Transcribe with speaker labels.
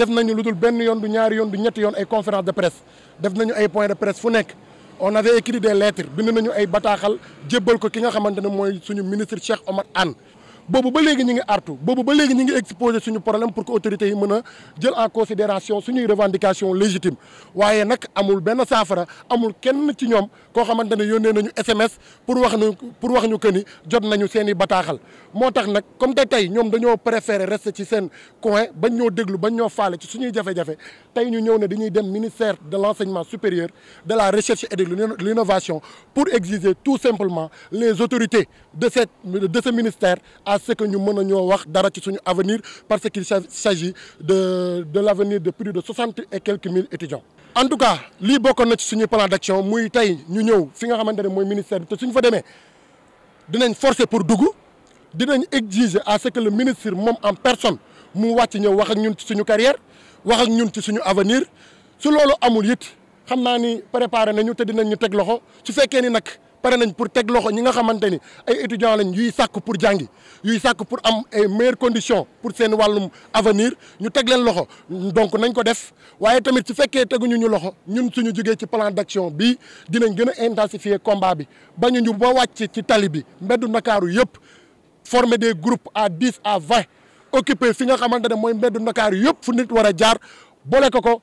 Speaker 1: def nañu lu dul benn yoon du ñaari yoon du ñetti yoon ay conférence de presse def nañu ay point de presse fu nekk on avait écrit des lettres bind nañu ay bataaxal jébbal ko ki nga xamante ne mooy suñu ministre Cheikh Omar Anne bobu ba léegi ñi ngi artu bobu ba léegi ñi ngi exposé suñu problème pour que autorité yi mëna jël en considération suñuy revendication légitime wayé nak amul ben saafara amul kenn ci ñom ko xamante ne nañu SMS pour wax ñu pour wax ñu que ni jot nañu seen bataxal motax nak comme tay tey ñoom dañoo préférer rester ci seen coin bañ ñoo déglu bañ ñoo falé ci suñuy jafé jafé tay ñu ñëw ne dañuy dem ministère de l'enseignement supérieur de la recherche et de l'innovation pour exiger tout simplement les autorités de cette de ce ministère à ce que nous menons dans notre avenir parce qu'il s'agit de, de l'avenir de plus de 60 et quelques mille étudiants. En tout cas, ce qui est notre plan d'action, c'est que nous sommes venus le ministère de la forcer pour Dougou. Nous exiger à ce que le ministre en personne nous parle de notre carrière, de notre avenir. Si nous avons eu le temps, nous allons préparer nous allons nous faire des choses. nous avons eu pare nañ pour teg loxo ñi nga xamante ni ay étudiants lañ yuy sàkk pour jàngi yuy sàkk pour am ay meilleures conditions pour seen wàllum avenir ñu teg leen loxo donc nañ ko def waaye tamit su fekkee teguñu ñu loxo ñun suñu jógee ci plan d'action bi dinañ gën a intensifier combat bi ba ñu ñu ba wàcc ci tali bi mbeddu Ndakaaru yëpp former des groupe à dix à vingt occuper fi nga xamante ne mooy mbeddu Ndakaaru yëpp fu nit war a jaar boole ko ko